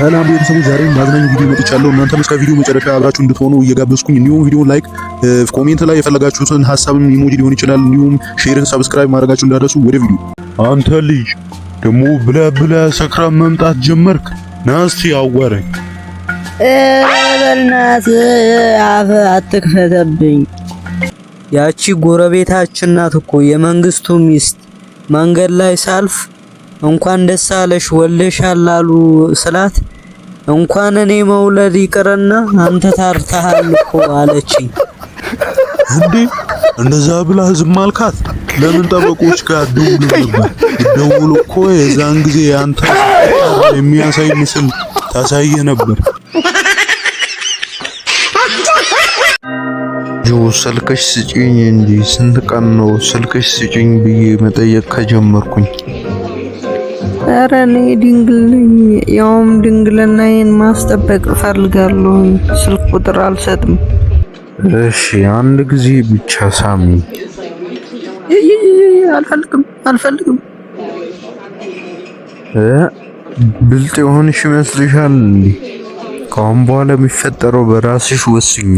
ሰላም ቤተሰቦች፣ ዛሬ ማዝናኝ ቪዲዮ መጥቻለሁ። እናንተም እስከ ቪዲዮ መጨረሻ አብራችሁ እንድትሆኑ እየጋበዝኩኝ፣ እንዲሁም ቪዲዮ ላይክ፣ ኮሜንት ላይ የፈለጋችሁትን ሀሳብም ኢሞጂ ሊሆን ይችላል፣ እንዲሁም ሼርን፣ ሰብስክራይብ ማድረጋችሁ እንዳደረሱ። ወደ ቪዲዮ። አንተ ልጅ ደግሞ ብለ ብለ ሰክራ መምጣት ጀመርክ። ናስቲ አዋረኝ በልናት አፍ አትክፈተብኝ። ያቺ ጎረቤታችን ናት እኮ የመንግስቱ ሚስት መንገድ ላይ ሳልፍ እንኳን ደስ አለሽ ወልደሻል አሉ ስላት እንኳን እኔ መውለድ ይቅርና አንተ ታርተሃል እኮ አለችኝ። እንዴ እንደዛ ብላ ዝም አልካት? ለምን ጠበቆች ጋር ደውል ነበር? ደውል እኮ የዛን ጊዜ አንተ የሚያሳይ ምስል ታሳየ ነበር። ስልክሽ ስጪኝ እንጂ ስንት ቀን ነው ስልክሽ ስጪኝ ብዬ መጠየቅ ከጀመርኩኝ ኧረ እኔ ድንግል ነኝ፣ ያውም ድንግልናዬን ማስጠበቅ እፈልጋለሁ። ስልክ ቁጥር አልሰጥም። እሺ አንድ ጊዜ ብቻ ሳሚ። አልፈልግም አልፈልግም። ብልጥ የሆንሽ ይመስልሻል? ከአሁን በኋላ የሚፈጠረው በራስሽ ወስኝ።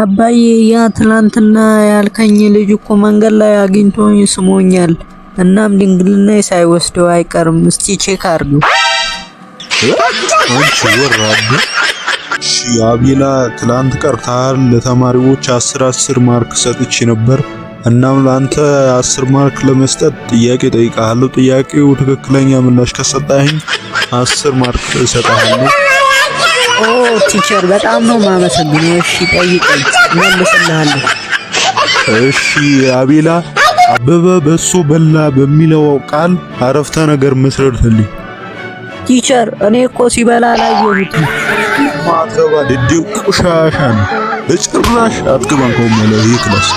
አባዬ ያ ትላንትና ያልከኝ ልጅ እኮ መንገድ ላይ አግኝቶኝ ስሞኛል። እናም ድንግልና ሳይወስደው አይቀርም። እስቲ ቼክ አርጉ። አንቺ ወራዱ አቤላ፣ ትላንት ቀርታል። ለተማሪዎች አስር አስር ማርክ ሰጥቼ ነበር። እናም ለአንተ አስር ማርክ ለመስጠት ጥያቄ ጠይቃለሁ። ጥያቄው ትክክለኛ ምላሽ ከሰጣኝ አስር ማርክ እሰጥሃለሁ። ቲቸር በጣም ነው የማመሰግነው። እሺ ጠይቀኝ መልስልሃለሁ። እሺ አቤላ አበበ በሱ በላ በሚለው ቃል አረፍተ ነገር መስረድልኝ። ቲቸር እኔ እኮ ሲበላ ላይ ይሁት ማገባ ድድ ቆሻሻ ነው። በጭራሽ አትገባም ከሆነ ይህ ክላስ